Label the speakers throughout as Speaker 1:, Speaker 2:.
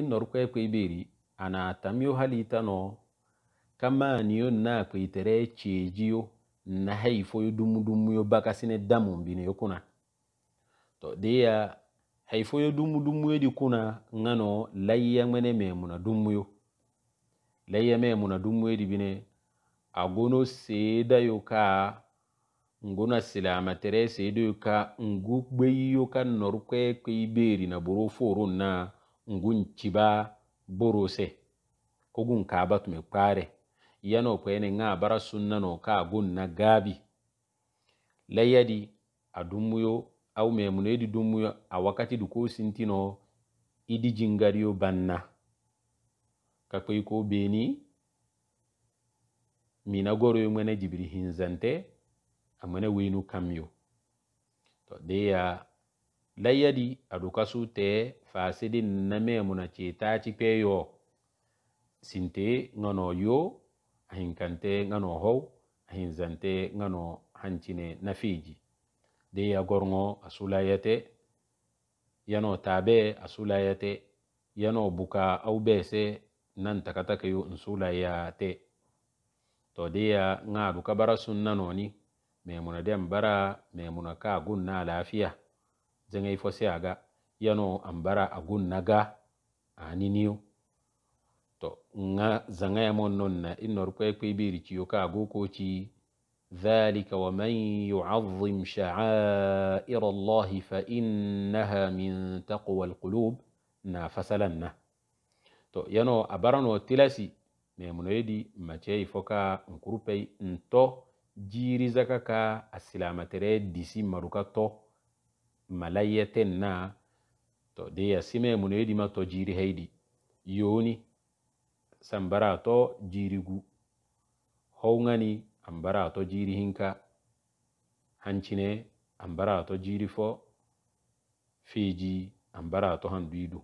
Speaker 1: inorku ekweiberi ana atamyo halitano kamaniyo na kweitere echiejiyo na haifoyo dumudumuyo bakasine damumbine yo kuna to deya haifoyo dumudumuyo di kuna ngano laiya ngwene memuna dumuyo laiya memuna dumuyo di bine agono seda yo ka ngona silama tere seda yo ka ngu gbeyo ka norku ekweiberi na boro foro na ngun ciba borose kogun kabat me kware, kpare yano kwene nga bara sunna no ka gun na gabi layadi adumuyo au memuno dumuyo a wakati duko sintino idi jingariyo banna kakwai ko beni mina goroyo mwene jibiri hinzante mwene winu kamyo to deya layyadi adu kasu te fasidin name muna cetaci peyo sinte ngano yo ahinkante ngano hou ahinzante ngano hancine nafiji deya gorngo asulayate yano tabe asulayate yano buka au bese nan takatakeyu nsulayate to deya ngaduka bara sunna noni memuna dem bara memuna ka gunna lafiya zenge ifose aga yano ambara agun naga aniniu to nga zanga ya mon nonna inor kwe kwe ka agu ko ذلك ومن يعظم شعائر الله فإنها من تقوى القلوب na fasalan يَنُو to yano a يَدِي tilasi memunoyedi macei foka nkurupei nto jiri zaka ka a silamatere disi maruka malayyaten na to de yasime muno yiɗima to jiri heydi yoni sambara to jirigu howgani ambara to jiri hinka hancine ambara to jiri fo fiji ambara to han duidu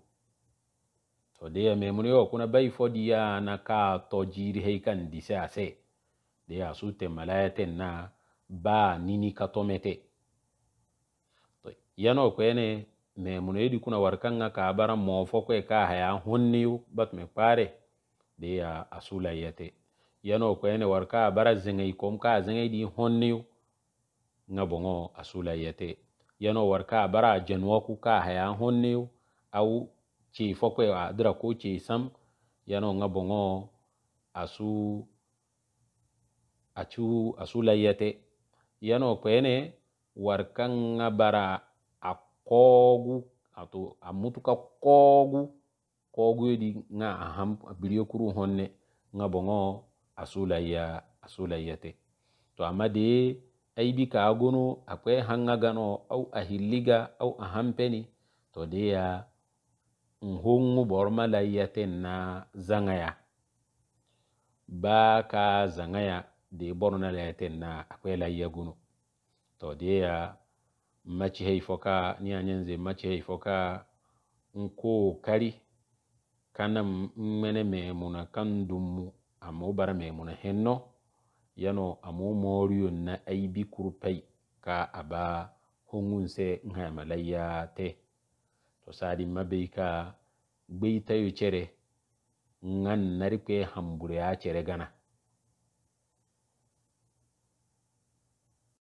Speaker 1: to deya me muno yo kuna bai fo diyana ka to jiri hei kan dise ase deya sute malayaten na ba nini ka tomete yano kwene me muno yidi kuna warkanga ka bara mofo kwe ka haya hunniyu bat me pare de ya asula yete yano kwene warka bara zingai kom ka zingai di hunniyu nga bongo asula yete yano warka bara janwa ku ka haya hunniyu au ci fokwe a dira ko ci sam yano nga bongo asu achu asula yete yano ne. war kanga bara a koogu ato a mutuka koogu koogu yedi nga aham a biriyo kuru honne nga bongo a sulaya a sulaya te to amma de aybi kaagunu akwe hanga gano au a hilliga au a hampeni to de ya nhongu borma laya te na zangaya ba ka zangaya de borna laya te na akwe laya gunu to deya ya mace haifoka ni yanzu mace haifoka in nko kari kana mmene memuna a amma bara muna henno yano amu moriyo na aibi kurpai ka aba hungun se nha malaya te to sadi gbai gbeita yu chere ngan narikwe hambure ya chere gana